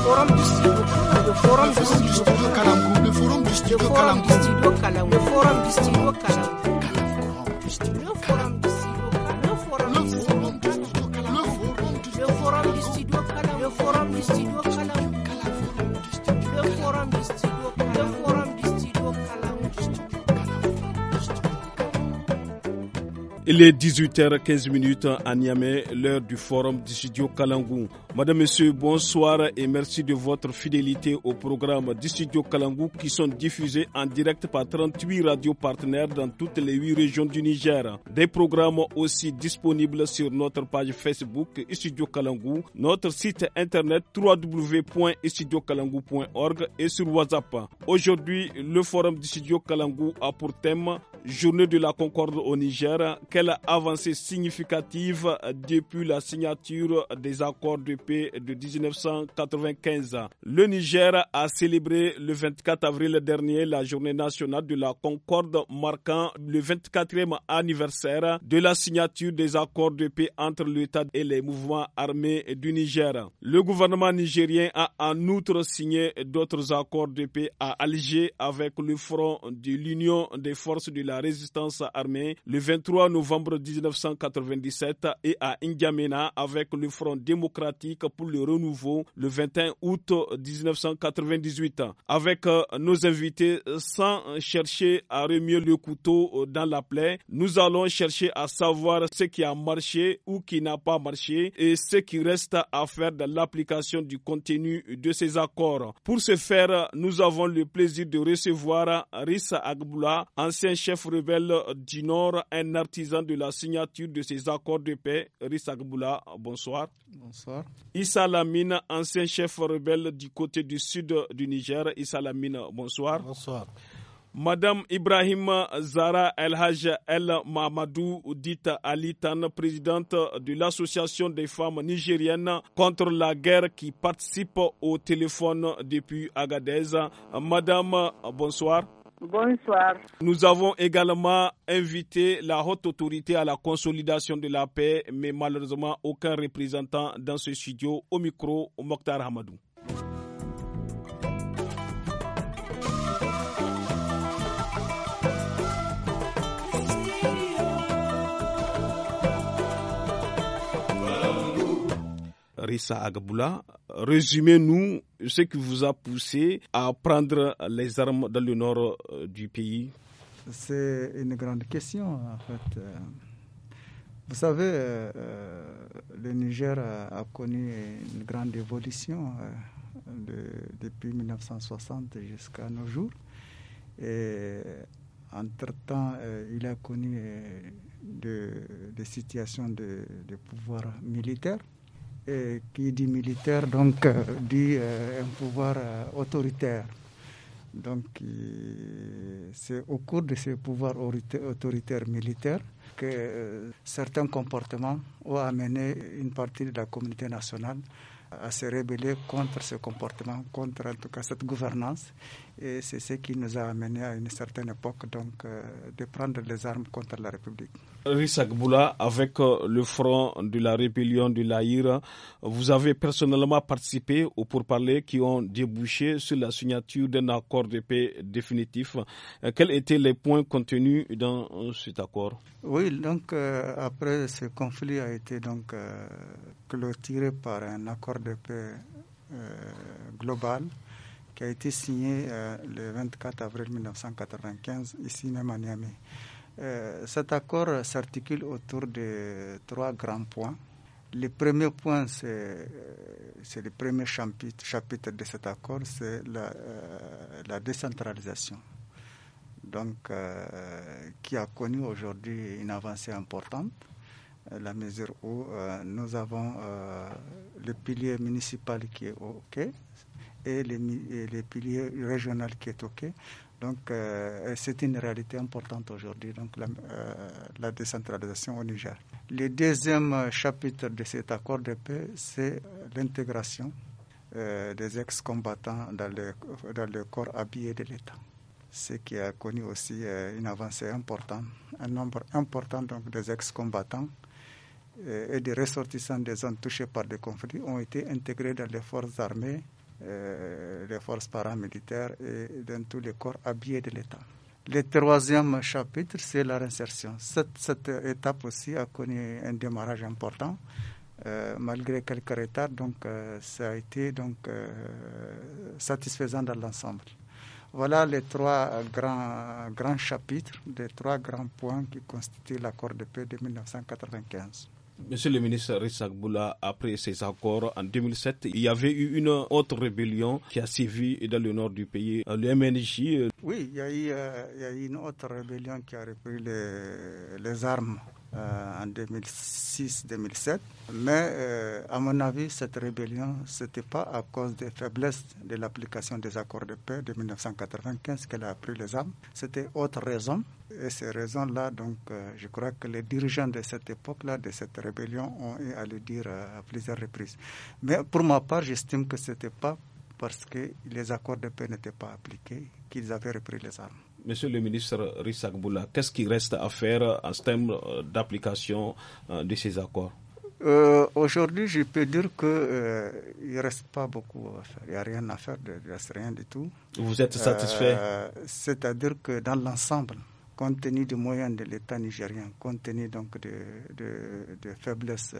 Le forum du studio Kalangou. Le forum du studio Kalangou. Le forum du studio Kalangou. Le forum du studio Kalangou. Le forum du studio Kalangou. Le forum du studio Kalangou. Le forum du studio Kalangou. Le forum du studio Kalangou. Le forum du studio Kalangou. Les dix huit heures quinze minutes à Niamey, l'heure du forum du studio Kalangou. Madame, Monsieur, bonsoir et merci de votre fidélité au programme du studio Kalangou qui sont diffusés en direct par 38 radios partenaires dans toutes les huit régions du Niger. Des programmes aussi disponibles sur notre page Facebook Studio Kalangou, notre site internet www.studiokalangou.org et sur WhatsApp. Aujourd'hui, le forum du studio Kalangou a pour thème Journée de la Concorde au Niger. Quelle avancée significative depuis la signature des accords de de 1995. Le Niger a célébré le 24 avril dernier la journée nationale de la Concorde marquant le 24e anniversaire de la signature des accords de paix entre l'État et les mouvements armés du Niger. Le gouvernement nigérien a en outre signé d'autres accords de paix à Alger avec le Front de l'Union des forces de la résistance armée le 23 novembre 1997 et à N'Djamena avec le Front démocratique pour le renouveau le 21 août 1998. Avec euh, nos invités, sans chercher à remuer le couteau euh, dans la plaie, nous allons chercher à savoir ce qui a marché ou qui n'a pas marché et ce qui reste à faire dans l'application du contenu de ces accords. Pour ce faire, nous avons le plaisir de recevoir Rissa Agboula, ancien chef rebelle du Nord, un artisan de la signature de ces accords de paix. Rissa Agboula, bonsoir. Bonsoir. Issa Lamine, ancien chef rebelle du côté du sud du Niger. Issa Lamine, bonsoir. Bonsoir. Madame Ibrahim Zara El Haj El Mamadou, dite Ali présidente de l'Association des femmes nigériennes contre la guerre qui participe au téléphone depuis Agadez. Madame, bonsoir. Bonsoir. Nous avons également invité la haute autorité à la consolidation de la paix, mais malheureusement aucun représentant dans ce studio. Au micro, Mokhtar Hamadou. Rissa Agboula, résumez-nous ce qui vous a poussé à prendre les armes dans le nord euh, du pays. C'est une grande question, en fait. Euh, vous savez, euh, le Niger a, connu une grande évolution depuis 1960 jusqu'à nos jours. Et entre-temps, il a connu des situations de pouvoir militaire qui dit militaire, donc, euh, dit euh, un pouvoir euh, autoritaire. Donc, c'est au cours de ce pouvoir autoritaire militaire que certains comportements ont amené une partie de la communauté nationale à se rébeller contre ce comportement, contre en tout cas cette gouvernance et c'est ce qui nous a amené à une certaine époque donc, euh, de prendre les armes contre la République. Rissak Boula, avec euh, le front de la rébellion de l'Aïr, vous avez personnellement participé aux pourparlers qui ont débouché sur la signature d'un accord de paix définitif. Euh, quels étaient les points contenus dans cet accord Oui, donc après ce conflit a été donc clôturé par un accord de paix global qui a été signé euh, le 24 avril 1995, ici même à Niamey. Euh, cet accord s'articule autour de trois grands points. Le premier point, c'est euh, le premier chapitre, de cet accord, c'est la, décentralisation, donc qui a connu aujourd'hui une avancée importante la mesure où nous avons le pilier municipal qui est OK, et les, les piliers régionaux qui est ok Donc, euh, c'est une réalité importante aujourd'hui, donc euh, la, décentralisation au Niger. Le deuxième chapitre de cet accord de paix, c'est l'intégration euh, des ex-combattants dans le, dans le corps habillé de l'État, ce qui a connu aussi une avancée importante. Un nombre important donc, des ex-combattants et des ressortissants des zones touchées par des conflits ont été intégrés dans les forces armées euh, les forces paramilitaires et dans tous les corps habillés de l'État. Le troisième chapitre, c'est la réinsertion. Cette, étape aussi a connu un démarrage important, euh, malgré quelques retards, donc euh, ça a été donc, satisfaisant dans l'ensemble. Voilà les trois grands, grands chapitres, les trois grands points qui constituent l'accord de paix de 1995. Monsieur le ministre Rissak après ces accords en 2007, il y avait eu une autre rébellion qui a sévi dans le nord du pays, le MNJ. Oui, euh, il y, a eu, une autre rébellion qui a repris les armes euh, en 2006-2007. Mais euh, à mon avis, cette rébellion, ce n'était pas à cause des faiblesses de l'application des accords de paix de 1995 qu'elle a pris les armes. C'était autre raison. Et ces raisons-là, donc, euh, je crois que les dirigeants de cette époque-là, de cette rébellion, ont eu à le dire à plusieurs reprises. Mais pour ma part, j'estime que ce n'était pas parce que les accords de paix n'étaient pas appliqués qu'ils avaient repris les armes. Monsieur le ministre Rissak qu'est-ce qui reste à faire en termes euh, d'application euh, de ces accords euh, Aujourd'hui, je peux dire qu'il ne reste pas beaucoup à faire. Il n'y a rien à faire, il ne reste rien du tout. Vous êtes satisfait C'est-à-dire que dans l'ensemble, compte tenu des moyens de l'État nigérien, compte tenu donc de, de, de faiblesses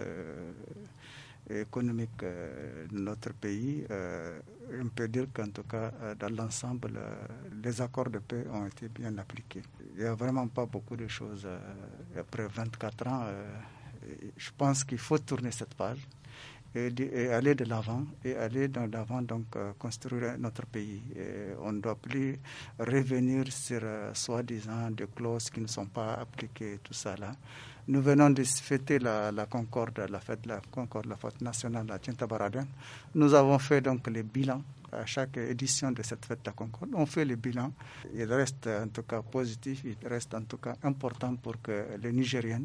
économique euh, de notre pays, euh, on peut dire qu'en tout cas, euh, dans l'ensemble, les accords de paix ont été bien appliqués. Il n'y a vraiment pas beaucoup de choses. après 24 ans, je pense qu'il faut tourner cette page. Et, aller de l'avant et aller dans l'avant donc construire notre pays. Et on ne doit plus revenir sur soi-disant des clauses qui ne sont pas appliquées tout ça là. Nous venons de fêter la, Concorde, la fête de la Concorde, la fête nationale à Tintabaradan. Nous avons fait donc les bilans à chaque édition de cette fête de la Concorde. On fait le bilan. Il reste en tout cas positif, il reste en tout cas important pour que les Nigériens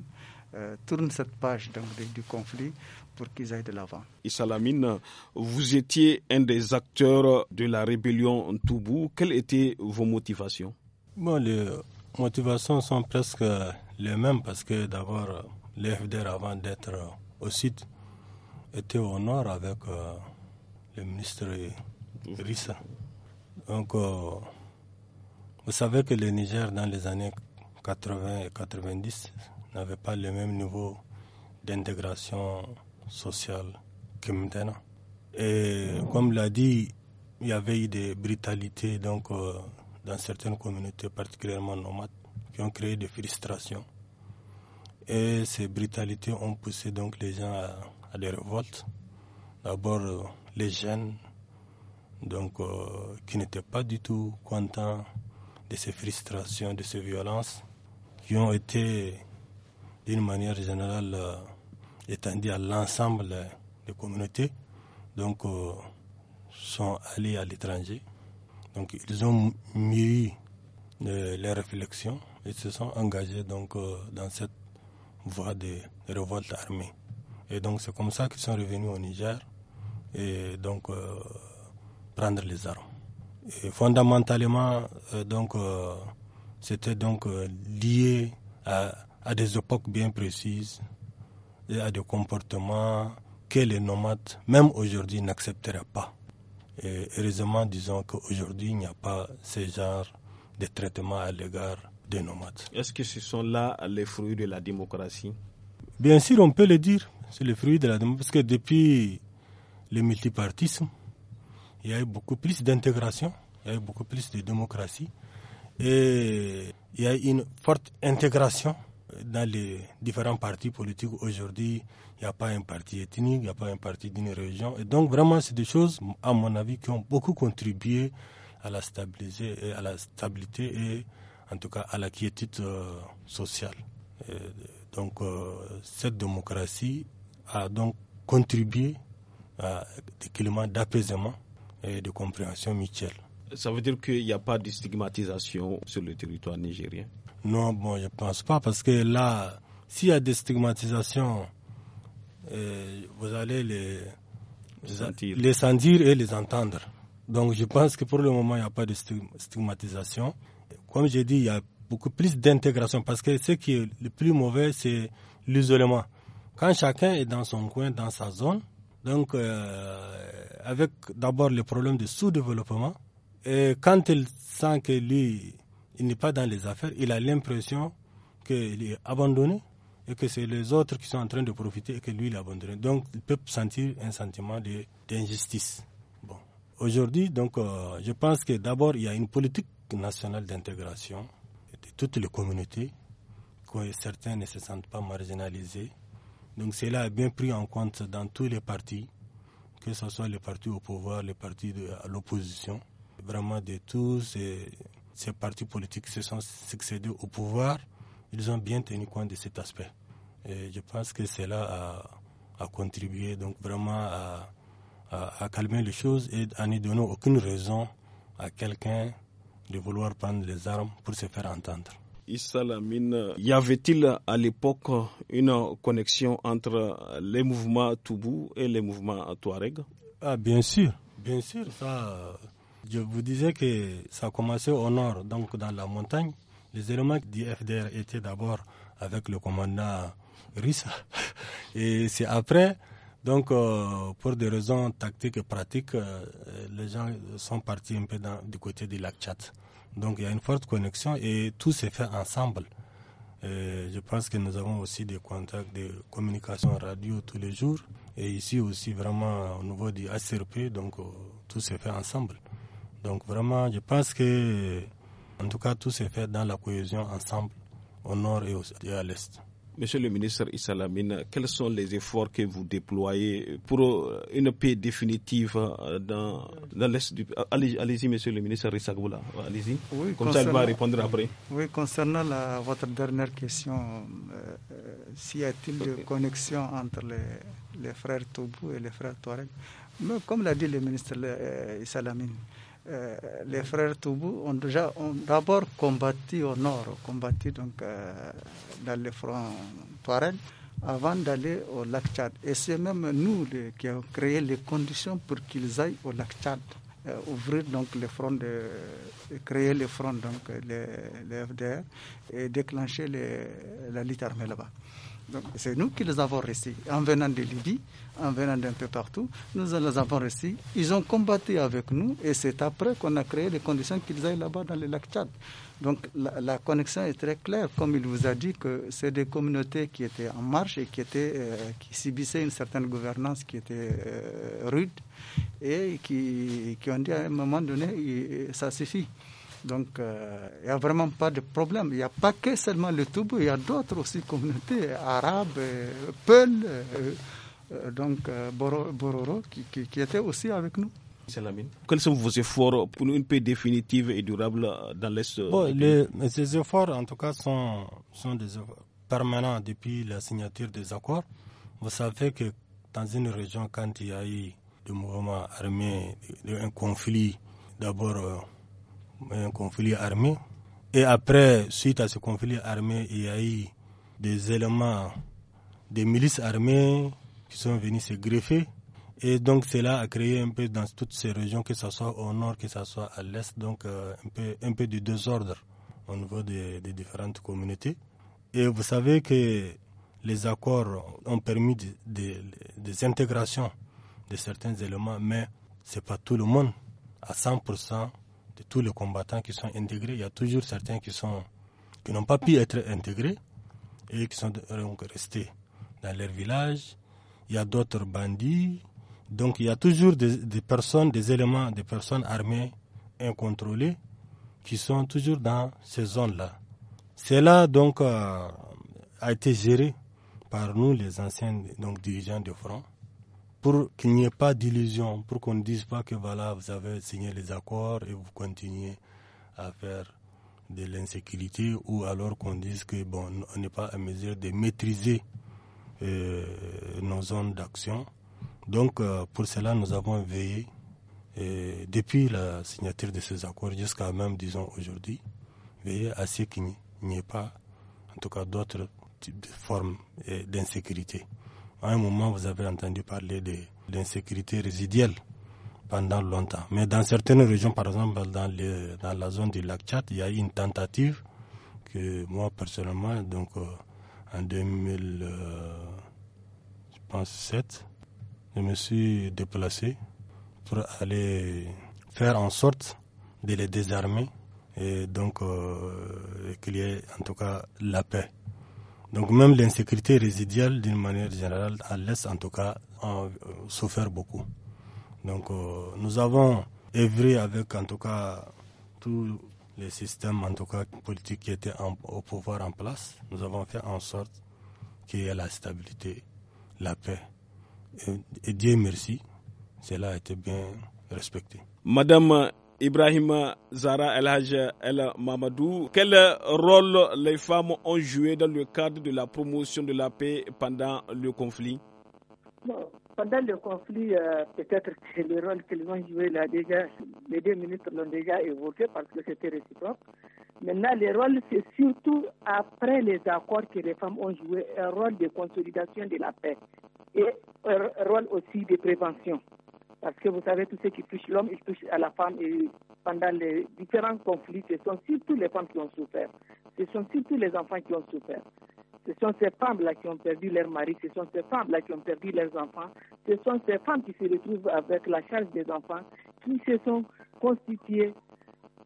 euh, tournent cette page du conflit pour qu'ils aillent de l'avant. Issa vous étiez un des acteurs de la rébellion Toubou. Quelles étaient vos motivations Les motivations sont presque le même parce que d'abord, l'EFDR, avant d'être au site, était au nord avec euh, le ministre Rissa. Donc, euh, vous savez que le Niger, dans les années 80 et 90, n'avait pas le même niveau d'intégration sociale que maintenant. Et comme l'a dit, il y avait eu des brutalités donc, euh, dans certaines communautés, particulièrement nomades qui ont créé des frustrations. Et ces brutalités ont poussé donc les gens à, des révoltes. D'abord euh, les jeunes, donc euh, qui n'étaient pas du tout contents de ces frustrations, de ces violences, qui ont été d'une manière générale euh, étendues à l'ensemble des communautés, donc sont allés à l'étranger. Donc ils ont mûri les réflexions ils se sont engagés donc euh, dans cette voie de, révolte armée. Et donc c'est comme ça qu'ils sont revenus au Niger et donc euh, prendre les armes. Et fondamentalement, euh, donc c'était donc lié à, à, des époques bien précises et à des comportements que les nomades, même aujourd'hui, n'accepteraient pas. Et heureusement, disons qu'aujourd'hui, il n'y a pas ce genre de traitement à l'égard des nomades. Est-ce que ce sont là les fruits de la démocratie Bien sûr, on peut le dire. C'est les fruits de la démocratie. Parce que depuis le multipartisme, il y a eu beaucoup plus d'intégration, il y a eu beaucoup plus de démocratie. Et il y a eu une forte intégration dans les différents partis politiques. Aujourd'hui, il n'y a pas un parti ethnique, il n'y a pas un parti d'une région. Et donc, vraiment, c'est des choses, à mon avis, qui ont beaucoup contribué à la, stabiliser et à la stabilité et en tout cas à la quiétude euh, sociale. donc euh, cette démocratie a donc contribué à des climats d'apaisement et de compréhension mutuelle. Ça veut dire qu'il n'y a pas de stigmatisation sur le territoire nigérien Non, bon, je ne pense pas, parce que là, s'il y a des stigmatisations, euh, vous allez les, les sentir et les entendre. Donc je pense que pour le moment, il n'y a pas de stigmatisation comme j'ai dit, il y a beaucoup plus d'intégration parce que ce qui est le plus mauvais, c'est l'isolement. Quand chacun est dans son coin, dans sa zone, donc euh, avec d'abord le problème de sous-développement, et quand il sent que lui, il n'est pas dans les affaires, il a l'impression qu'il est abandonné et que c'est les autres qui sont en train de profiter et que lui, il est abandonné. Donc, il peut sentir un sentiment d'injustice. Bon. Aujourd'hui, donc, euh, je pense que d'abord, il y a une politique nationale d'intégration de toutes les communautés, que certains ne se sentent pas marginalisés. Donc cela est bien pris en compte dans tous les partis, que ce soit les partis au pouvoir, les partis de, à l'opposition. Vraiment de tous ces, partis politiques qui se sont succédés au pouvoir, ils ont bien tenu compte de cet aspect. Et je pense que cela a, contribué donc vraiment à, à calmer les choses et à ne donner aucune raison à quelqu'un de vouloir prendre les armes pour se faire entendre. y avait-il à l'époque une connexion entre les mouvements Toubou et les mouvements Touareg Ah, bien sûr, bien sûr. Ça, je vous disais que ça commençait au nord, donc dans la montagne. Les éléments du FDR étaient d'abord avec le commandant Rissa. Et c'est après donc, euh, pour des raisons tactiques et pratiques, euh, les gens sont partis un peu du côté du lac Tchad. Donc, il y a une forte connexion et tout s'est fait ensemble. je pense que nous avons aussi des contacts des communications radio tous les jours. Et ici aussi, vraiment, au niveau du ACRP, donc euh, tout s'est fait ensemble. Donc, vraiment, je pense que, en tout cas, tout s'est fait dans la cohésion ensemble, au nord et à l'est. Monsieur le ministre Issa quels sont les efforts que vous déployez pour euh, une paix définitive euh, dans, l'Est du pays euh, allez, y monsieur le ministre Issa allez-y. Oui, Comme ça, il va répondre après. Oui, concernant votre dernière question, s'il y a-t-il de connexion entre les, frères Toubou et les frères Touareg Comme l'a dit le ministre Issalamine. Euh, les frères Toubou ont déjà d'abord combattu au nord, combattu euh, dans les fronts Touareg avant d'aller au lac Tchad. Et c'est même nous qui avons créé les conditions pour qu'ils aillent au lac Tchad, euh, ouvrir donc les fronts, créer les fronts, donc les, FDR, et déclencher la lutte armée là-bas. C'est nous qui les avons reçus. En venant de Libye, en venant d'un peu partout, nous les avons reçus. Ils ont combattu avec nous et c'est après qu'on a créé les conditions qu'ils aillent là-bas dans le lac Tchad. Donc la, connexion est très claire, comme il vous a dit que c'est des communautés qui étaient en marche et qui, étaient, euh, subissaient une certaine gouvernance qui était euh, rude et qui, qui ont dit à un moment donné, ça suffit. Donc, euh, il n'y a vraiment pas de problème. Il n'y a pas que seulement le Toubou, il y a d'autres aussi communautés arabes, euh, Peuls, euh, donc Bororo, qui, étaient aussi avec nous. Quels sont vos efforts pour une paix définitive et durable dans l'Est Ces efforts, en tout cas, sont, des permanents depuis la signature des accords. Vous savez que dans une région, quand il y a eu des mouvements armés, un conflit, d'abord un conflit armé. Et après, suite à ce conflit armé, il y a eu des éléments, des milices armées qui sont venus se greffer. Et donc cela a créé un peu dans toutes ces régions, que ce soit au nord, que ce soit à l'est, donc euh, un, peu, un peu de désordre au niveau des, différentes communautés. Et vous savez que les accords ont permis des intégrations de certains éléments, mais ce n'est pas tout le monde à 100% de tous les combattants qui sont intégrés, il y a toujours certains qui sont qui n'ont pas pu être intégrés et qui sont donc restés dans leur village. Il y a d'autres bandits. Donc il y a toujours des, personnes, des éléments, des personnes armées incontrôlées qui sont toujours dans ces zones-là. Cela donc euh, a été géré par nous, les anciens donc, dirigeants de front pour qu'il n'y ait pas d'illusion, pour qu'on ne dise pas que voilà, vous avez signé les accords et vous continuez à faire de l'insécurité, ou alors qu'on dise que bon, on n'est pas à mesure de maîtriser euh, nos zones d'action. Donc, euh, pour cela, nous avons veillé euh, depuis la signature de ces accords jusqu'à même, disons, aujourd'hui, veiller à ce qu'il n'y ait pas, en tout cas, d'autres formes d'insécurité. À un moment, vous avez entendu parler d'insécurité l'insécurité résiduelle pendant longtemps. Mais dans certaines régions, par exemple dans, la zone du lac Tchad, il y a eu une tentative que moi personnellement, donc euh, en 2007, euh, je me suis déplacé pour aller faire en sorte de les désarmer et donc euh, qu'il y ait en tout cas la paix. Donc même l'insécurité résiduelle, d'une manière générale, à l'Est en tout cas, a euh, souffert beaucoup. Donc euh, nous avons œuvré avec en tout cas tous les systèmes en tout cas politiques qui étaient au pouvoir en place. Nous avons fait en sorte qu'il y ait la stabilité, la paix. Et, et Dieu merci, cela a été bien respecté. Madame Ibrahim Zara El Haj El Mamadou, quel rôle les femmes ont joué dans le cadre de la promotion de la paix pendant le conflit Pendant le conflit, euh, peut-être que le rôle qu'elles ont joué là déjà, les deux ministres l'ont déjà évoqué parce que c'était réciproque. Maintenant, le rôle, c'est surtout après les accords que les femmes ont joué un rôle de consolidation de la paix et un rôle aussi de prévention. Parce que vous savez, tout ce qui touche l'homme, il touche à la femme. Et pendant les différents conflits, ce sont surtout les femmes qui ont souffert. Ce sont surtout les enfants qui ont souffert. Ce sont ces femmes-là qui ont perdu leur mari, ce sont ces femmes-là qui ont perdu leurs enfants, ce sont ces femmes qui se retrouvent avec la charge des enfants, qui se sont constituées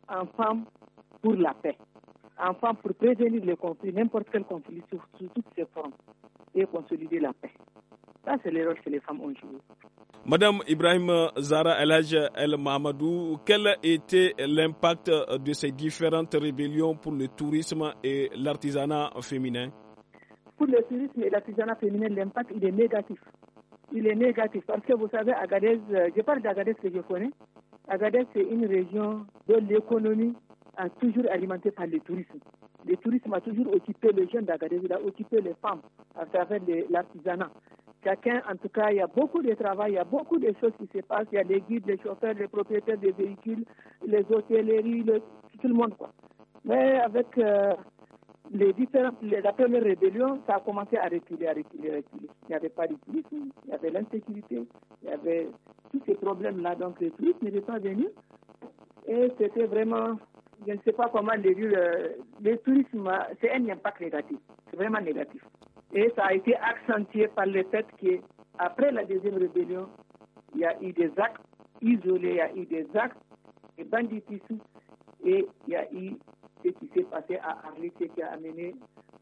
en femmes pour la paix, en femmes pour prévenir les conflits, n'importe quel conflit, sous, toutes ces formes, et consolider la paix. Ça, c'est le rôle que les femmes ont joué. Madame Ibrahim Zara Elhaj El Mamadou, quel était l'impact de ces différentes rébellions pour le tourisme et l'artisanat féminin Pour le tourisme et l'artisanat féminin, l'impact il est négatif. Il est négatif parce que vous savez, Agadez, euh, je parle d'Agadez que je connais. Agadez, c'est une région dont l'économie a toujours alimentée par le tourisme. Le tourisme a toujours occupé les jeunes d'Agadez, il a occupé les femmes à travers l'artisanat. Chacun, en tout cas, il y a beaucoup de travail, il y a beaucoup de choses qui se passent. Il y a les guides, les chauffeurs, les propriétaires des véhicules, les hôtelleries, tout le monde. Quoi. Mais avec euh, les différents, les, la première rébellion, ça a commencé à reculer, à reculer, à reculer. Il n'y avait pas de tourisme, il y avait l'insécurité, il y avait tous ces problèmes-là. Donc le tourisme n'étaient pas venu. Et c'était vraiment, je ne sais pas comment les dire, le, euh, le tourisme, c'est un impact négatif, c'est vraiment négatif. Et ça a été accentué par le fait qu'après la deuxième rébellion, il y a eu des actes isolés, il y a eu des actes de banditisme et il y a eu ce qui s'est passé à Arlit qui a amené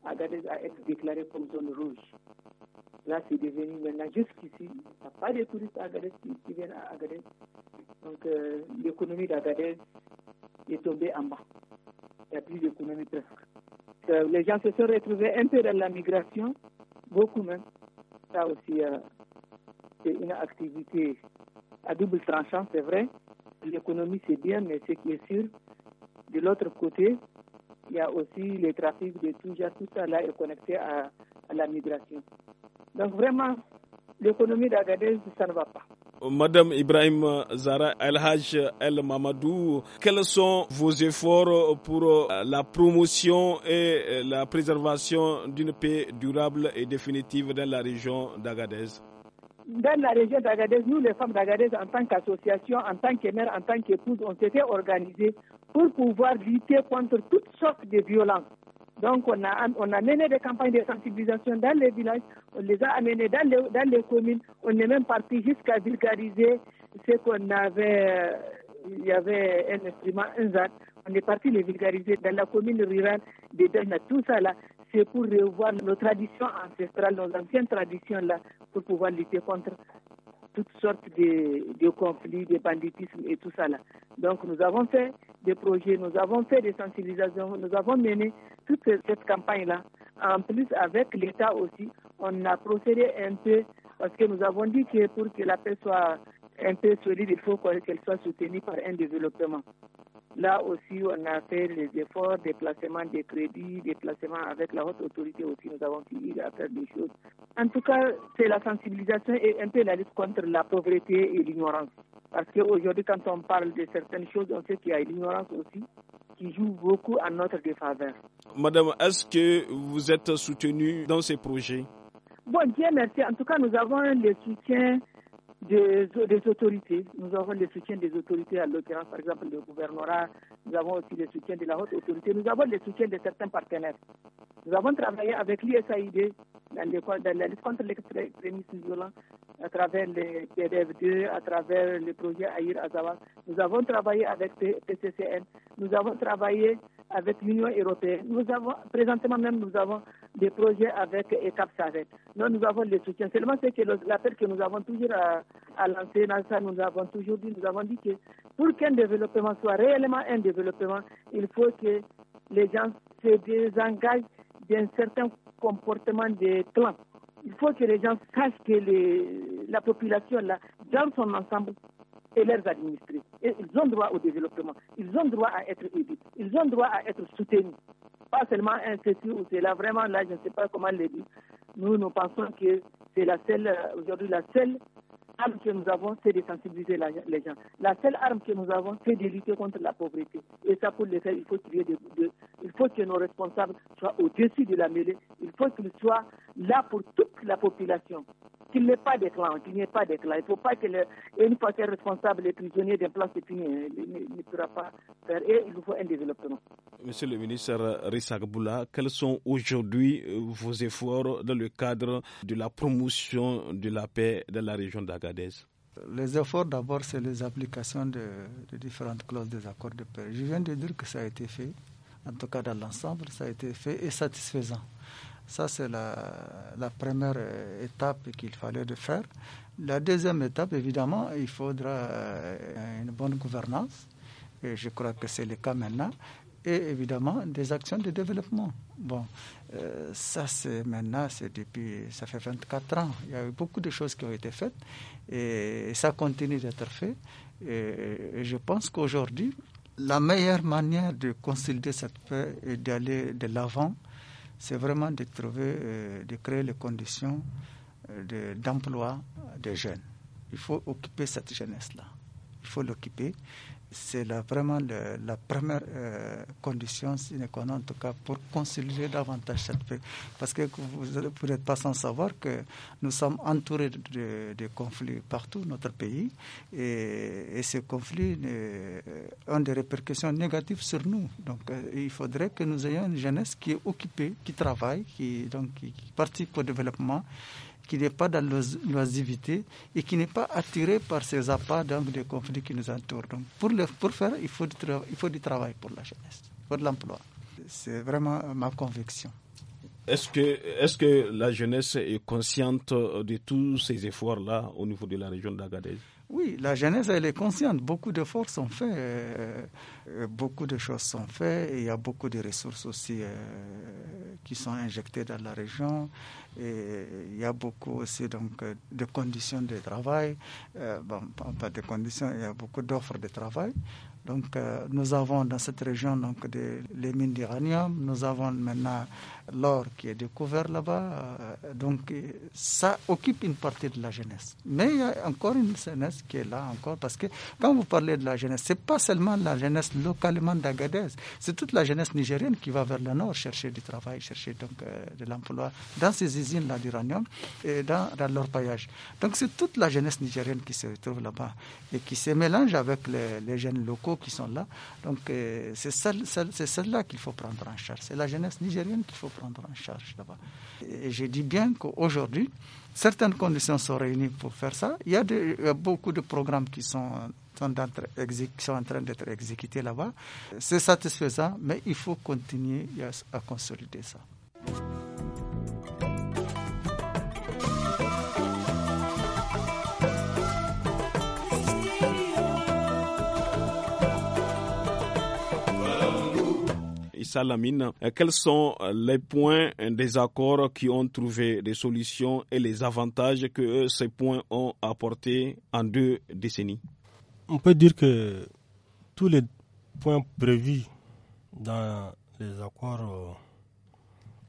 Agadez à être déclaré comme zone rouge. Là, c'est devenu maintenant jusqu'ici. Il n'y a pas de touristes à Agadez qui, viennent à Agadez. Donc, euh, l'économie d'Agadez est tombée en bas. Il n'y a plus d'économie très Euh, les gens se sont retrouvés un peu dans la migration, beaucoup même. Ça aussi, euh, c'est une activité à double tranchant, c'est vrai. L'économie, c'est bien, mais ce qui est sûr, de l'autre côté, il y a aussi le trafic de tout, tout ça là est connecté à la migration. Donc vraiment, l'économie d'Agadez, ça ne va pas. Madame Ibrahim Zara El Haj El Mamadou, quels sont vos efforts pour euh, la promotion et euh, la préservation d'une paix durable et définitive dans la région d'Agadez Dans la région d'Agadez, nous, les femmes d'Agadez, en tant qu'association, en tant que mère, en tant qu'épouse, on s'était organisées pour pouvoir lutter contre toutes sortes de violences donc, on a, on a mené des campagnes de sensibilisation dans les villages, on les a amenés dans les, dans les communes, on est même parti jusqu'à vulgariser ce qu'on avait, il y avait un instrument, un ZAD, on est parti les vulgariser dans la commune rurale de Dana. Tout ça là, c'est pour revoir nos traditions ancestrales, nos anciennes traditions là, pour pouvoir lutter contre toutes sortes de, de conflits, de banditisme et tout ça là. Donc, nous avons fait projets, nous avons fait des sensibilisations, nous avons mené toute cette campagne-là. En plus, avec l'État aussi, on a procédé un peu, parce que nous avons dit que pour que la paix soit un peu solide, il faut qu'elle soit soutenue par un développement. Là aussi, on a fait les efforts, déplacement des, crédits, déplacement avec la haute autorité aussi, nous avons fini à faire des choses. En tout cas, c'est la sensibilisation et un peu la lutte contre la pauvreté et l'ignorance. Parce qu'aujourd'hui, quand on parle de certaines choses, on sait qu'il y a l'ignorance aussi qui joue beaucoup à notre défaveur. Madame, est-ce que vous êtes soutenue dans ces projets Bon, Dieu merci. En tout cas, nous avons le soutien des, autorités. Nous avons le soutien des autorités, à l'occurrence, par exemple, le gouvernorat. Nous avons aussi le soutien de la haute autorité. Nous avons le soutien de certains partenaires. Nous avons travaillé avec l'ISAID dans, la lutte contre l'extrémisme violent, à travers les PDF2, à travers le projet Aïr Azawa. Nous avons travaillé avec PCCN. Nous avons travaillé avec l'Union européenne. Nous avons, présentement même, nous avons des projets avec ECAP Savet. Nous, nous avons le soutien. Seulement, c'est que l'appel que nous avons toujours à, lancer dans ça, nous avons toujours dit, nous avons dit que pour qu'un développement soit réellement un développement, il faut que les gens se désengagent d'un certain comportement de clan. Il faut que les gens sachent que les, la population, là, dans son ensemble, et leurs administrés. ils ont droit au développement, ils ont droit à être aidés, ils ont droit à être soutenus. Pas seulement un ceci ou cela, vraiment là, je ne sais pas comment le dire. Nous, nous pensons que c'est la seule, euh, aujourd'hui, la seule arme que nous avons, c'est de sensibiliser les gens. La seule arme que nous avons, c'est de lutter contre la pauvreté. Et ça, pour le faire, il faut, que nos responsables soient au-dessus de la mêlée. Il faut qu'ils soient là pour toute la population. Qu'il n'y ait pas d'éclats, qu'il n'y ait pas d'éclats. Il ne faut pas que, le, une fois responsable est prisonnier d'un plan, c'est hein. ne, pourra pas faire. Et il nous faut un développement. Monsieur le ministre Rissak Boula, quels sont aujourd'hui vos efforts dans le cadre de la promotion de la paix dans la région d'Aga? les efforts, d'abord, c'est les applications de, différentes clauses des accords de paix. Je viens de dire que ça a été fait, en tout cas dans l'ensemble, ça a été fait et satisfaisant. Ça, c'est la, première euh, étape qu'il fallait de faire. La deuxième étape, évidemment, il faudra euh, une bonne gouvernance, et je crois que c'est le cas maintenant, et évidemment des actions de développement. Bon, euh, ça, c'est maintenant, c'est depuis, ça fait 24 ans. Il y a eu beaucoup de choses qui ont été faites et ça continue d'être fait. Et je pense qu'aujourd'hui, la meilleure manière de consolider cette paix et d'aller de l'avant, c'est vraiment de trouver, euh, de créer les conditions euh, d'emploi des jeunes. Il faut occuper cette jeunesse-là. Il faut l'occuper c'est vraiment la première euh, condition sine qua non, en tout cas, pour consolider davantage cette paix. Parce que vous n'êtes pas sans savoir que nous sommes entourés de, conflits partout, notre pays, et, ces conflits ont euh, des répercussions négatives sur nous. Donc, euh, il faudrait que nous ayons une jeunesse qui est occupée, qui travaille, qui, donc, qui participe au développement qui n'est pas dans l'oisivité et qui n'est pas attiré par ces appâts donc, des conflits qui nous entourent. Donc, pour, le, faire, il faut, du il faut du travail pour la jeunesse, il faut de l'emploi. C'est vraiment ma conviction. Est-ce que, est que la jeunesse est consciente de tous ces efforts-là au niveau de la région d'Agadez oui, la jeunesse, elle est consciente. Beaucoup d'efforts sont faits, euh, euh, beaucoup de choses sont faites. il y a beaucoup de ressources aussi euh, qui sont injectées dans la région. Et il y a beaucoup aussi donc, de conditions de travail. pas de conditions, il y a beaucoup d'offres de travail. Donc, nous avons dans cette région donc, les mines d'uranium. Nous avons maintenant l'or qui est découvert là-bas. Euh, donc euh, ça occupe une partie de la jeunesse. Mais il y a encore une jeunesse qui est là encore parce que quand vous parlez de la jeunesse, ce n'est pas seulement la jeunesse localement d'Agadez, c'est toute la jeunesse nigérienne qui va vers le nord chercher du travail, chercher donc euh, de l'emploi dans ces usines-là d'uranium et dans, dans leur paillage. Donc c'est toute la jeunesse nigérienne qui se retrouve là-bas et qui se mélange avec les, jeunes locaux qui sont là. Donc c'est celle-là qu'il faut prendre en charge. C'est la jeunesse nigérienne qu'il faut prendre prendre en charge là-bas. J'ai dit bien qu'aujourd'hui, certaines conditions sont réunies pour faire ça. Il y a, beaucoup de programmes qui sont, sont, en train d'être exécutés là-bas. C'est satisfaisant, mais il faut continuer à consolider ça. Salamine, euh, quels sont euh, les points euh, des accords qui ont trouvé des solutions et les avantages que ces points ont apportés en deux décennies On peut dire que tous les points prévus dans les accords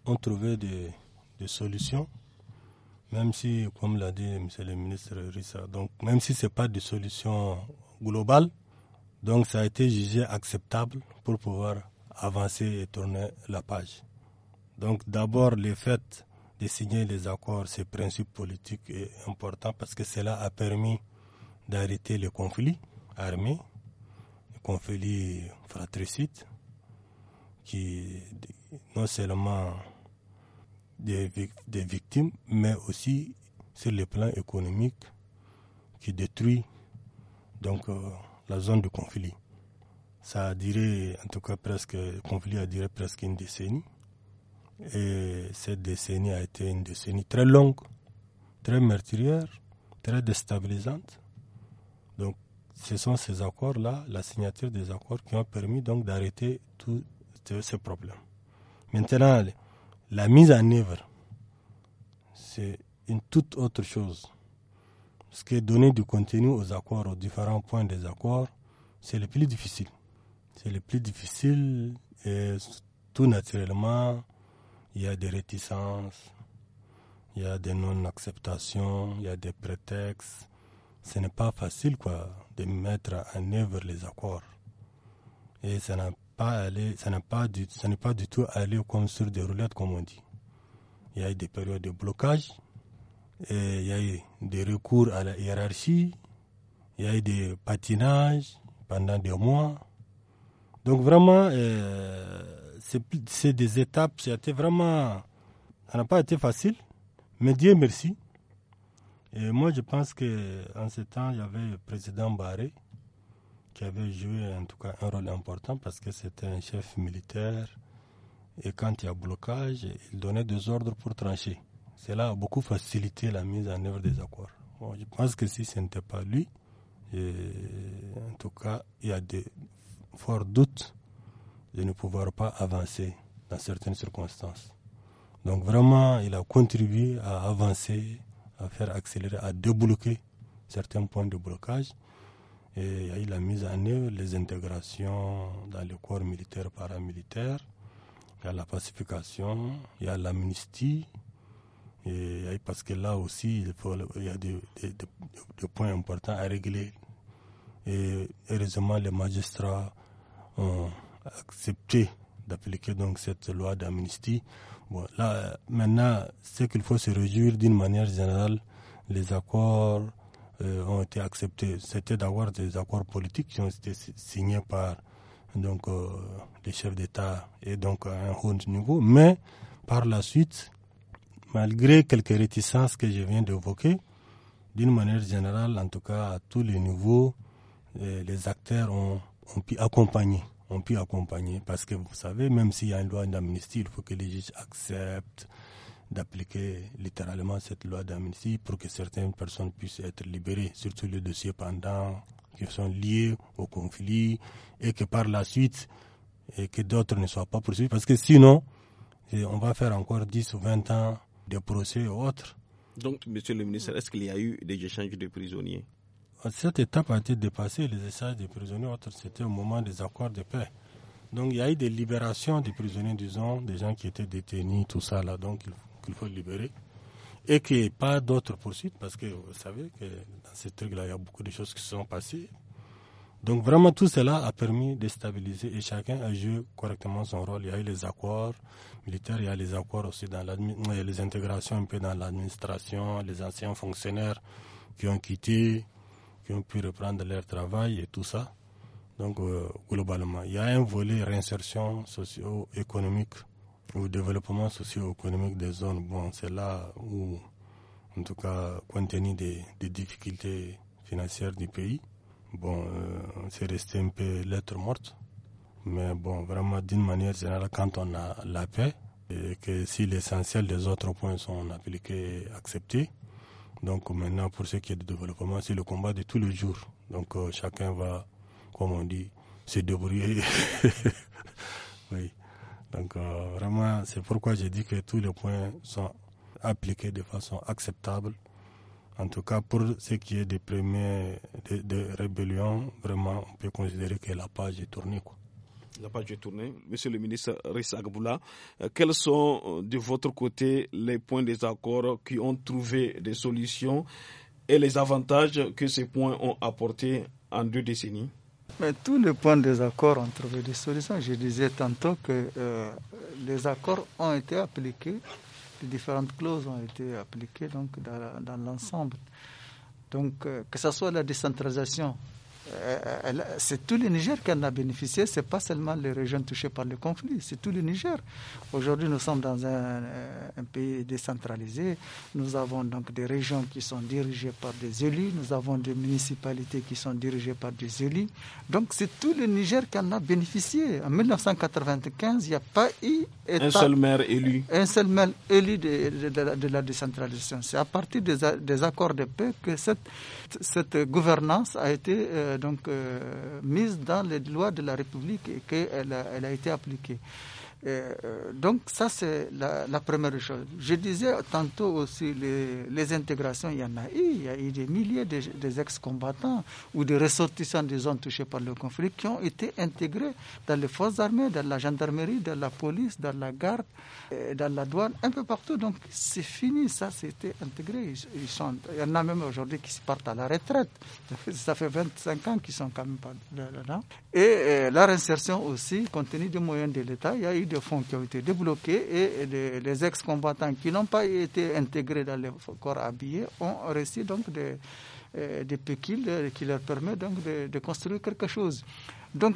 ont trouvé des, solutions même si, comme l'a dit M. le ministre Rissa, donc même si ce n'est pas des solutions globales donc ça a été jugé acceptable pour pouvoir avancer et tourner la page. Donc d'abord, le fait de signer les accords, ces principes politiques est important parce que cela a permis d'arrêter les conflits armés, les conflits fratricides, qui non seulement des, victimes, mais aussi sur le plan économique, qui détruit donc euh, la zone de conflit. Ça a duré, en tout cas presque, le conflit a duré presque une décennie. Et cette décennie a été une décennie très longue, très meurtrière, très déstabilisante. Donc, ce sont ces accords-là, la signature des accords, qui ont permis donc d'arrêter tous ces problèmes. Maintenant, la mise en œuvre, c'est une toute autre chose. Ce qui est donner du contenu aux accords, aux différents points des accords, c'est le plus difficile. C'est le plus difficile et tout naturellement, il y a des réticences, il y a des non-acceptations, il y a des prétextes. Ce n'est pas facile quoi, de mettre en œuvre les accords. Et ça n'a pas ça n'a pas du, ça n'est pas du tout allé comme sur des roulettes comme on dit. Il y a eu des périodes de blocage, et il y a eu des recours à la hiérarchie, il y a eu des patinages pendant des mois. Donc vraiment, euh, c'est des étapes, c'était vraiment, ça n'a pas été facile, mais Dieu merci. Et moi, je pense qu'en ce temps, il y avait le président Barré qui avait joué en tout cas un rôle important parce que c'était un chef militaire. Et quand il y a blocage, il donnait des ordres pour trancher. Cela a beaucoup facilité la mise en œuvre des accords. je pense que si ce n'était pas lui, en tout cas, il y a des fort doute de ne pouvoir pas avancer dans certaines circonstances. Donc vraiment, il a contribué à avancer, à faire accélérer, à débloquer certains points de blocage. Et il a eu la mise en œuvre, les intégrations dans le corps militaire, paramilitaire, il y a la pacification, il y a l'amnistie, et parce que là aussi, il, y a des, points importants à régler. Et heureusement, les magistrats ont accepté d'appliquer donc cette loi d'amnistie. Bon, maintenant, c'est qu'il faut se réjouir d'une manière générale. Les accords euh, ont été acceptés. C'était d'avoir des accords politiques qui ont été signés par donc, les euh, chefs d'État et donc à un haut niveau. Mais par la suite, malgré quelques réticences que je viens d'évoquer, d'une manière générale, en tout cas à tous les niveaux, euh, les acteurs ont on peut accompagner. On peut accompagner parce que vous savez, même s'il y a une loi d'amnistie, il faut que les juges acceptent d'appliquer littéralement cette loi d'amnistie pour que certaines personnes puissent être libérées, surtout les dossiers pendant qui sont liés au conflit et que par la suite, et que d'autres ne soient pas poursuivis. Parce que sinon, on va faire encore 10 ou 20 ans de procès ou autres. Donc, monsieur le ministre, est-ce qu'il y a eu des échanges de prisonniers cette étape a été dépassée, les essais des prisonniers, c'était au moment des accords de paix. Donc il y a eu des libérations des prisonniers, disons, des gens qui étaient détenus, tout ça là, donc qu'il faut libérer. Et qu'il n'y ait pas d'autres poursuites, parce que vous savez que dans ce truc-là, il y a beaucoup de choses qui se sont passées. Donc vraiment tout cela a permis de stabiliser et chacun a joué correctement son rôle. Il y a eu les accords militaires, il y a les accords aussi dans les intégrations un peu dans l'administration, les anciens fonctionnaires qui ont quitté, qui ont pu reprendre leur travail et tout ça. Donc, euh, globalement, il y a un volet réinsertion socio-économique ou développement socio-économique des zones. Bon, c'est là où, en tout cas, compte tenu des, difficultés financières du pays, bon, c'est euh, resté un peu lettre morte. Mais bon, vraiment, d'une manière générale, quand on a la paix, et que si l'essentiel des autres points sont appliqués et acceptés, donc maintenant, pour ce qui est du développement, c'est le combat de tous les jours. Donc euh, chacun va, comme on dit, se débrouiller. oui. Donc euh, vraiment, c'est pourquoi j'ai dit que tous les points sont appliqués de façon acceptable. En tout cas, pour ce qui est des premiers rébellions, vraiment, on peut considérer que la page est tournée. La page est tournée. Monsieur le ministre Rissa euh, quels sont euh, de votre côté les points des accords qui ont trouvé des solutions et les avantages que ces points ont apportés en deux décennies mais tous les points des accords ont trouvé des solutions. Je disais tantôt que euh, les accords ont été appliqués, les différentes clauses ont été appliquées dans, l'ensemble. Donc, que ce soit la décentralisation, euh, c'est tout le Niger qui en a bénéficié, c'est pas seulement les régions touchées par le conflit, c'est tout le Niger. Aujourd'hui, nous sommes dans euh, un, pays décentralisé. Nous avons donc des régions qui sont dirigées par des élus, nous avons des municipalités qui sont dirigées par des élus. Donc, c'est tout le Niger qui en a bénéficié. En 1995, il n'y a pas eu un seul maire élu. Un seul maire élu de, la décentralisation. C'est à partir des, accords de paix que cette, gouvernance a été euh, donc euh, mise dans les lois de la République et qu'elle a, a été appliquée. Euh, donc ça, c'est la, première chose. Je disais tantôt aussi, les, intégrations, il y en a eu. Il y a eu des milliers de, des ex-combattants ou des ressortissants des zones touchées par le conflit qui ont été intégrés dans les forces armées, dans la gendarmerie, dans la police, dans la garde, dans la douane, un peu partout. Donc c'est fini, ça, c'était intégré. Ils, sont, il y en a même aujourd'hui qui partent à la retraite. Ça fait 25 ans qu'ils sont quand même pas là. Et, leur la réinsertion aussi, compte tenu des moyens de l'État, il y a eu des fonds qui ont été débloqués et les, ex-combattants qui n'ont pas été intégrés dans les corps habillés ont reçu donc des, euh, des péquiles euh, qui leur permettent donc de, de construire quelque chose. Donc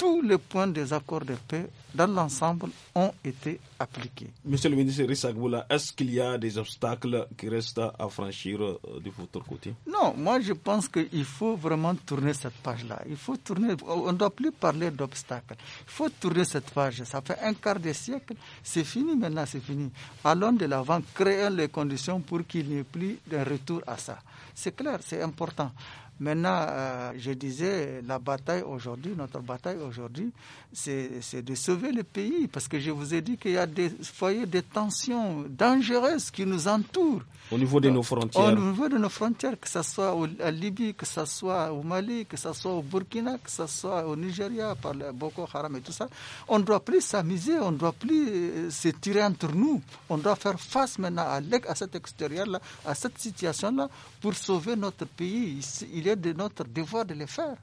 tous les points des accords de paix dans l'ensemble ont été appliqués. Monsieur le ministre Rissagboula, est-ce qu'il y a des obstacles qui restent à franchir du euh, de votre côté Non, moi je pense qu'il faut vraiment tourner cette page-là. Il faut tourner, on ne doit plus parler d'obstacles. Il faut tourner cette page. Ça fait un quart de siècle, c'est fini maintenant, c'est fini. Allons de l'avant, créons les conditions pour qu'il n'y ait plus de retour à ça. C'est clair, c'est important. Maintenant, euh, je disais, la bataille aujourd'hui, notre bataille aujourd'hui, c'est de sauver le pays, parce que je vous ai dit qu'il y a des foyers de tensions dangereuses qui nous entourent. Au niveau de nos frontières. Au niveau de nos frontières, que ce soit au, Libye, que ce soit au Mali, que ce soit au Burkina, que ce soit au Nigeria, par le Boko Haram et tout ça. On ne doit plus s'amuser, on ne doit plus euh, se tirer entre nous. On doit faire face maintenant à, cet extérieur-là, à cette situation-là, pour sauver notre pays. Il de notre devoir de le faire.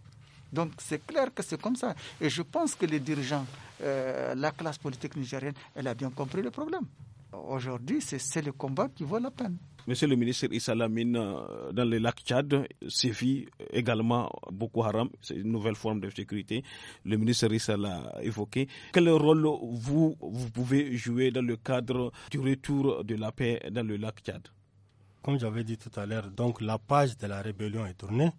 Donc c'est clair que c'est comme ça. Et je pense que les dirigeants, euh, la classe politique nigérienne, elle a bien compris le problème. Aujourd'hui, c'est le combat qui vaut la peine. Monsieur le ministre Issa Lamine, euh, dans le lac Tchad, sévit également Boko Haram, c'est une nouvelle forme de sécurité. Le ministre Issa l'a évoqué. Quel rôle vous, vous pouvez jouer dans le cadre du retour de la paix dans le lac Tchad comme j'avais dit tout à l'heure, donc la page de la rébellion est tournée.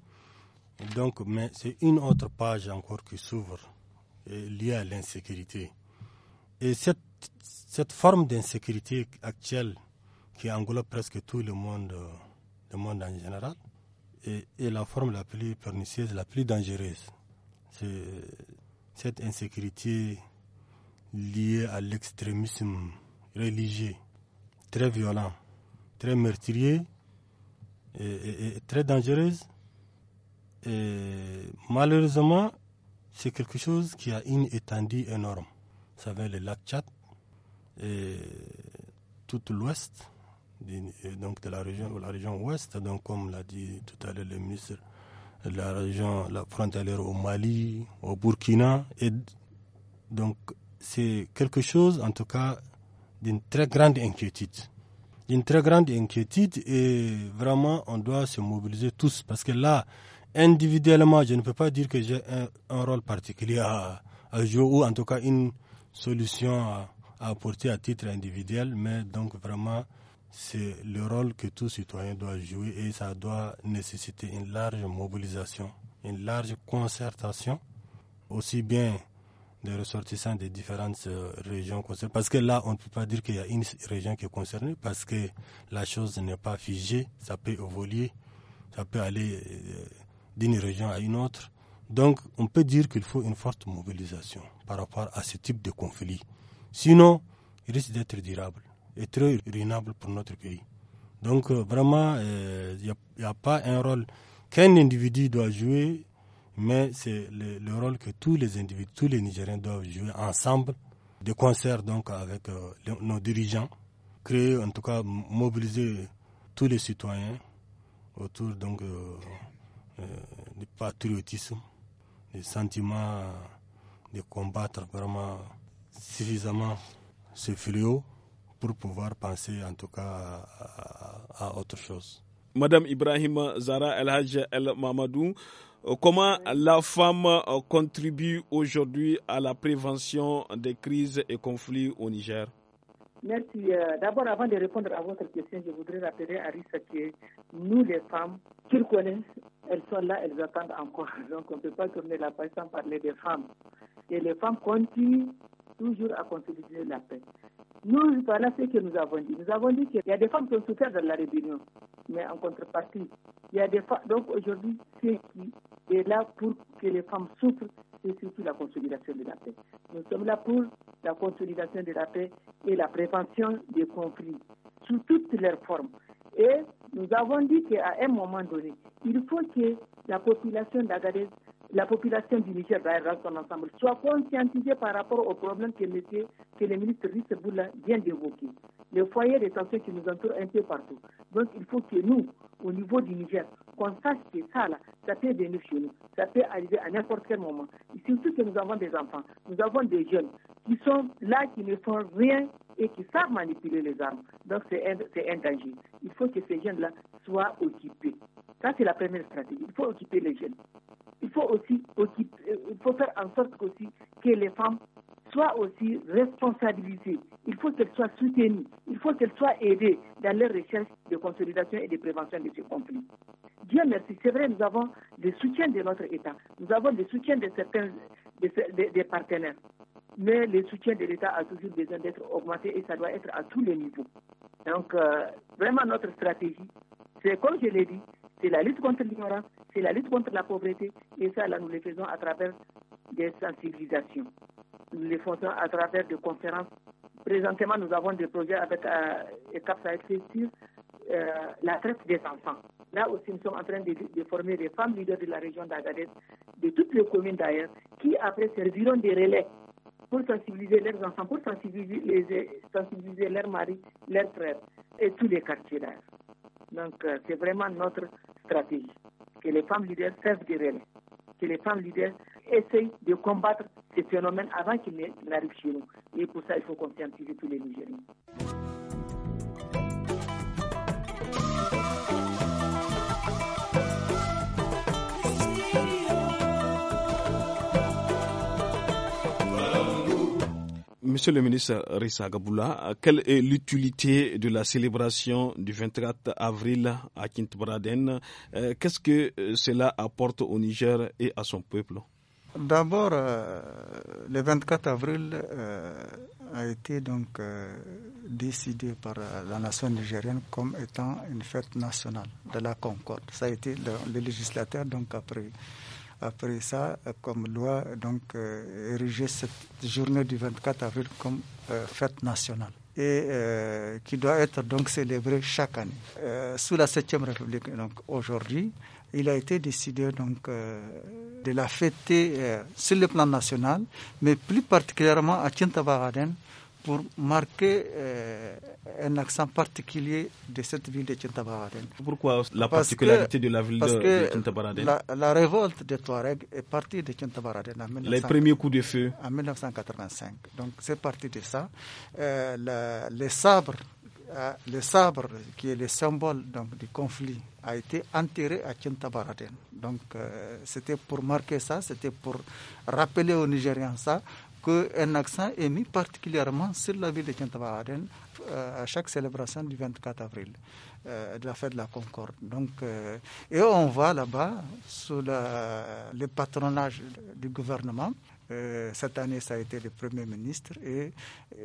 Donc, mais c'est une autre page encore qui s'ouvre liée à l'insécurité. Et cette, forme d'insécurité actuelle qui englobe presque tout le monde, le monde en général, est la forme la plus pernicieuse, la plus dangereuse. C'est cette insécurité liée à l'extrémisme religieux, très violent très meurtrier et, très dangereuse Et malheureusement, c'est quelque chose qui a une étendue énorme. ça savez, le lac Tchad et tout l'ouest, donc de la région, la région ouest, donc comme l'a dit tout à l'heure le ministre, la région la frontalière au Mali, au Burkina, donc c'est quelque chose en tout cas d'une très grande inquiétude d'une très grande inquiétude et vraiment on doit se mobiliser tous parce que là, individuellement, je ne peux pas dire que j'ai un, rôle particulier à, jouer ou en tout cas une solution à apporter à titre individuel, mais donc vraiment c'est le rôle que tout citoyen doit jouer et ça doit nécessiter une large mobilisation, une large concertation, aussi bien des ressortissants des différentes euh, régions concernées. Parce que là, on ne peut pas dire qu'il y a une région qui est concernée, parce que la chose n'est pas figée, ça peut évoluer, ça peut aller euh, d'une région à une autre. Donc, on peut dire qu'il faut une forte mobilisation par rapport à ce type de conflit. Sinon, il risque d'être durable et très ruinable pour notre pays. Donc, euh, vraiment, il n'y a, pas un rôle qu'un individu doit jouer mais c'est le, rôle que tous les individus, tous les Nigériens doivent jouer ensemble, de concert donc avec euh, nos dirigeants, créer en tout cas mobiliser tous les citoyens autour donc euh, euh, du patriotisme, du sentiment de combattre vraiment suffisamment ce fléau pour pouvoir penser en tout cas à, autre chose. Madame Ibrahim Zara El El Mamadou, euh, comment la femme euh, contribue aujourd'hui à la prévention des crises et conflits au Niger Merci. Euh, d'abord, avant de répondre à votre question, je voudrais rappeler à Rissa que nous, les femmes, qu'ils connaissent, elles sont là, elles attendent encore. Donc, on ne peut pas tourner la page sans parler des femmes. Et les femmes continuent toujours à à la paix. Nous, voilà ce que nous avons dit. Nous avons dit qu'il y a des femmes qui ont souffert dans la rébellion, mais en contrepartie, il y a des femmes. Donc aujourd'hui, ce qui est là pour que les femmes souffrent, c'est surtout la consolidation de la paix. Nous sommes là pour la consolidation de la paix et la prévention des conflits sous toutes leurs formes. Et nous avons dit qu'à un moment donné, il faut que la population d'Agadez la population du Niger dans son ensemble soit conscientisée par rapport au problème que, le ministre Risse vient d'évoquer. Les foyers de tension qui nous entourent un peu partout. Donc il faut que nous, au niveau du Niger, qu'on sache que ça, là, ça peut venir chez nous. Ça peut arriver à n'importe quel moment. surtout que nous avons des enfants, nous avons des jeunes qui sont là, qui ne font rien et qui savent manipuler les armes. Donc c'est un danger. Il faut que ces jeunes-là soient occupés. Ça, c'est la première stratégie. Il faut occuper les jeunes. Il faut aussi euh, faut faire en sorte aussi que les femmes soient aussi responsabilisées. Il faut qu'elles soient soutenues. Il faut qu'elles soient aidées dans leurs recherches de consolidation et de prévention de ces conflits. Dieu merci, c'est vrai, nous avons le soutien de notre État. Nous avons le soutien de certains des partenaires. Mais le soutien de l'État a toujours besoin d'être augmenté et ça doit être à tous les niveaux. Donc, euh, vraiment, notre stratégie, c'est comme je l'ai dit, c'est la lutte contre l'ignorance, c'est la lutte contre la pauvreté, et ça, là, nous le faisons à travers des sensibilisations. Nous le faisons à travers des conférences. Présentement, nous avons des projets avec ECAP euh, sur euh, la traite des enfants. Là aussi, nous sommes en train de, former des femmes leaders de la région d'Agadez, de toutes les communes d'ailleurs, qui après serviront des relais pour sensibiliser leurs enfants, pour sensibiliser, sensibiliser leurs maris, leurs frères et tous les quartiers d'ailleurs. Donc, euh, c'est vraiment notre stratégie. Que les femmes leaders servent des relais. Que les femmes leaders essayent de combattre ces phénomènes avant qu'ils n'arrivent chez nous. Et pour ça, il faut conscientiser tous les Nigériens. Monsieur le ministre Rissa Gaboula, quelle est l'utilité de la célébration du 24 avril à Kintbraden euh, Qu'est-ce que euh, cela apporte au Niger et à son peuple D'abord, euh, le 24 avril a été donc décidé par la nation nigérienne comme étant une fête nationale de la Concorde. Ça a été le, législateur donc a pris après ça, euh, comme loi, donc, euh, ériger cette journée du 24 avril comme euh, fête nationale et qui doit être donc célébrée chaque année. sous la 7e République, donc aujourd'hui, il a été décidé donc de la fêter sur le plan national, mais plus particulièrement à Tintabaraden, pour marquer euh, un accent particulier de cette ville de Tintabaraden. Pourquoi la particularité de la ville de, que la, la, révolte des Touaregs est partie de Tintabaraden Les premiers coups de feu En 1985. Donc c'est parti de ça. Euh, euh, le sabre, qui est le symbole donc, du conflit, a été enterré à Tintabaraden. Donc, euh, c'était pour marquer ça, c'était pour rappeler aux Nigériens ça, qu'un accent est mis particulièrement sur la ville de Kentavaren euh, à chaque célébration du 24 avril euh, de la fête de la Concorde. Donc, euh, et on va là-bas sous le patronage du gouvernement euh, cette année, ça a été le Premier ministre et,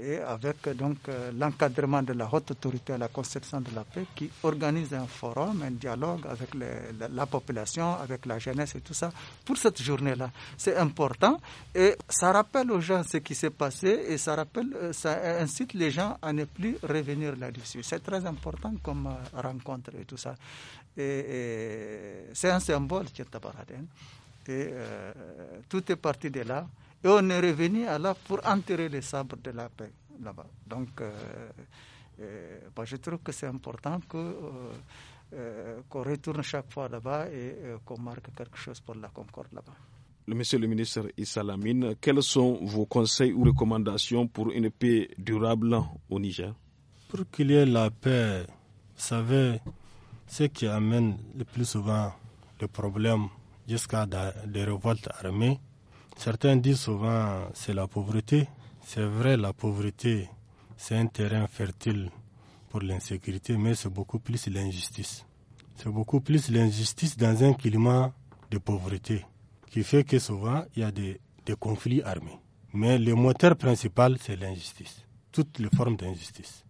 et avec donc euh, l'encadrement de la haute autorité à la conception de la paix qui organise un forum, un dialogue avec la, population, avec la jeunesse et tout ça pour cette journée-là. C'est important et ça rappelle aux gens ce qui s'est passé et ça rappelle, euh, ça incite les gens à ne plus revenir là-dessus. C'est très important comme rencontre et tout ça. Et, c'est un symbole qui est et euh, tout est parti de là. Et on est revenu à là pour enterrer les sabres de la paix là-bas. Donc, euh, euh, je trouve que c'est important que. qu'on retourne chaque fois là-bas et qu'on marque quelque chose pour la concorde là-bas. Monsieur le ministre Issa quels sont vos conseils ou recommandations pour une paix durable au Niger Pour qu'il y ait la paix, vous savez, ce qui amène le plus souvent les problèmes jusqu'à des révoltes armées. Certains disent souvent c'est la pauvreté. C'est vrai, la pauvreté, c'est un terrain fertile pour l'insécurité, mais c'est beaucoup plus l'injustice. C'est beaucoup plus l'injustice dans un climat de pauvreté qui fait que souvent il y a des, des conflits armés. Mais le moteur principal, c'est l'injustice, toutes les formes d'injustice.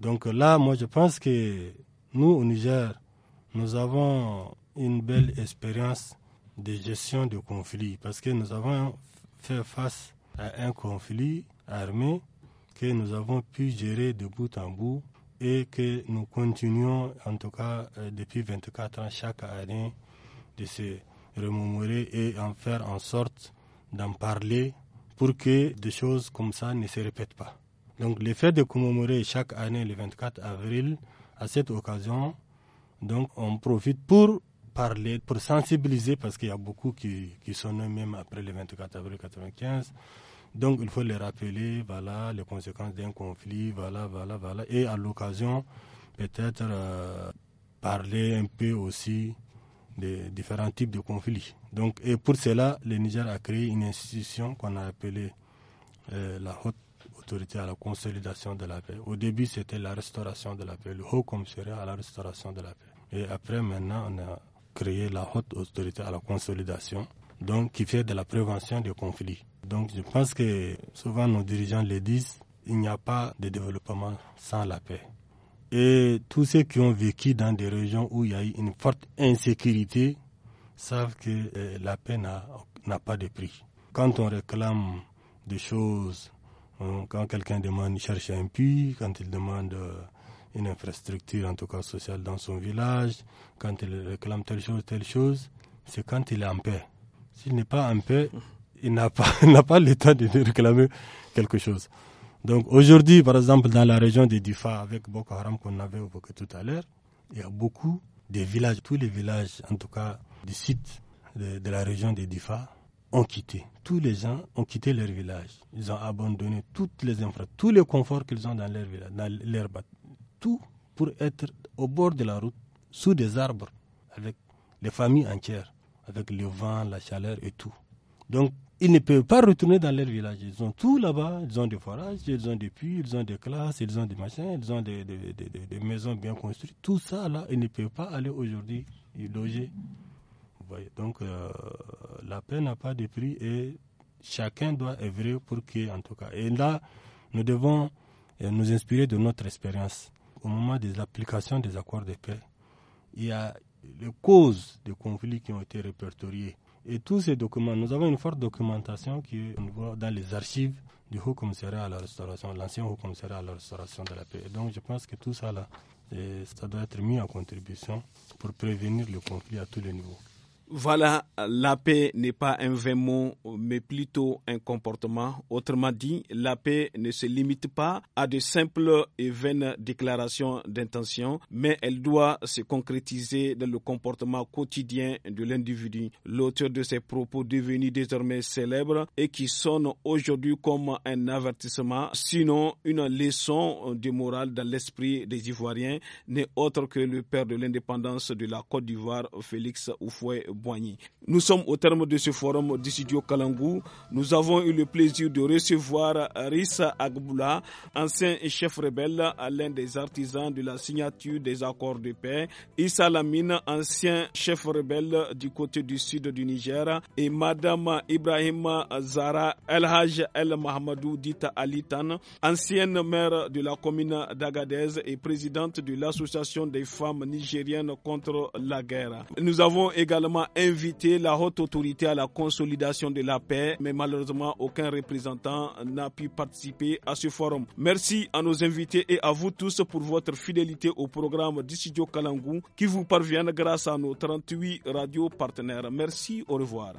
Donc là, moi je pense que nous, au Niger, nous avons une belle expérience de gestion de conflits, parce que nous avons fait face à un conflit armé que nous avons pu gérer de bout en bout et que nous continuons, en tout cas euh, depuis 24 ans chaque année, de se remémorer et en faire en sorte d'en parler pour que des choses comme ça ne se répètent pas. Donc le fait de commémorer chaque année le 24 avril, à cette occasion, donc on profite pour parler, pour sensibiliser, parce qu'il y a beaucoup qui, qui sont eux-mêmes après le 24 avril 1995. Donc il faut les rappeler, voilà, les conséquences d'un conflit, voilà, voilà, voilà. Et à l'occasion, peut-être euh, parler un peu aussi des différents types de conflits. Donc, et pour cela, le Niger a créé une institution qu'on a appelée euh, la haute autorité à la consolidation de la paix. Au début, c'était la restauration de la paix, le haut commissariat à la restauration de la paix. Et après, maintenant, on a créer la haute autorité à la consolidation, donc qui fait de la prévention des conflits. Donc je pense que souvent nos dirigeants le disent, il n'y a pas de développement sans la paix. Et tous ceux qui ont vécu dans des régions où il y a eu une forte insécurité savent que euh, la paix n'a pas de prix. Quand on réclame des choses, quand quelqu'un demande, de cherche un puits, quand il demande euh, une infrastructure, en tout cas sociale, dans son village, quand il réclame telle chose, telle chose, c'est quand il est en paix. S'il n'est pas en paix, il n'a pas, n'a pas le temps de réclamer quelque chose. Donc aujourd'hui, par exemple, dans la région des Difa, avec Boko Haram qu'on avait évoqué tout à l'heure, il y a beaucoup de villages, tous les villages, en tout cas, du site de, la région des Difa, ont quitté. Tous les gens ont quitté leur village. Ils ont abandonné toutes les infrastructures, tous les conforts qu'ils ont dans leur village, dans leur, tout pour être au bord de la route, sous des arbres, avec les familles entières, avec le vent, la chaleur et tout. Donc, ils ne peuvent pas retourner dans leur village. Ils ont tout là-bas. Ils ont des forages, ils ont des puits, ils ont des classes, ils ont des machins, ils ont des, des, des, des maisons bien construites. Tout ça, là, ils ne peuvent pas aller aujourd'hui y loger. Donc, euh, la paix n'a pas de prix et chacun doit œuvrer pour qu'il, en tout cas. Et là, nous devons euh, nous inspirer de notre expérience au moment des applications des accords de paix, il y a les causes des conflits qui ont été répertoriées. Et tous ces documents, nous avons une forte documentation qui est dans les archives du Haut Commissariat à la Restauration, l'ancien Haut Commissariat à la Restauration de la paix. donc je pense que tout ça là, ça doit être mis en contribution pour prévenir le conflit à tous les niveaux. Voilà, la paix n'est pas un vain mais plutôt un comportement. Autrement dit, la paix ne se limite pas à de simples et vaines déclarations d'intention, mais elle doit se concrétiser dans le comportement quotidien de l'individu. L'auteur de ces propos devenus désormais célèbres et qui sonne aujourd'hui comme un avertissement, sinon une leçon de morale dans l'esprit des Ivoiriens, n'est autre que le père de l'indépendance de la Côte d'Ivoire, Félix Oufoué Boigny. Nous sommes au terme de ce forum d'Issidio Kalangou. Nous avons eu le plaisir de recevoir Rissa Agboula, ancien chef rebelle, à l'un des artisans de la signature des accords de paix, Issa Lamine, ancien chef rebelle du côté du sud du Niger, et Madame Ibrahim Zara Elhaj El Mahamadou dite Alitan, ancienne maire de la commune d'Agadez et présidente de l'association des femmes nigériennes contre la guerre. Nous avons également invité la haute autorité à la consolidation de la paix, mais malheureusement aucun représentant n'a pu participer à ce forum. Merci à nos invités et à vous tous pour votre fidélité au programme studio Kalangou qui vous parvient grâce à nos 38 radios partenaires. Merci, au revoir.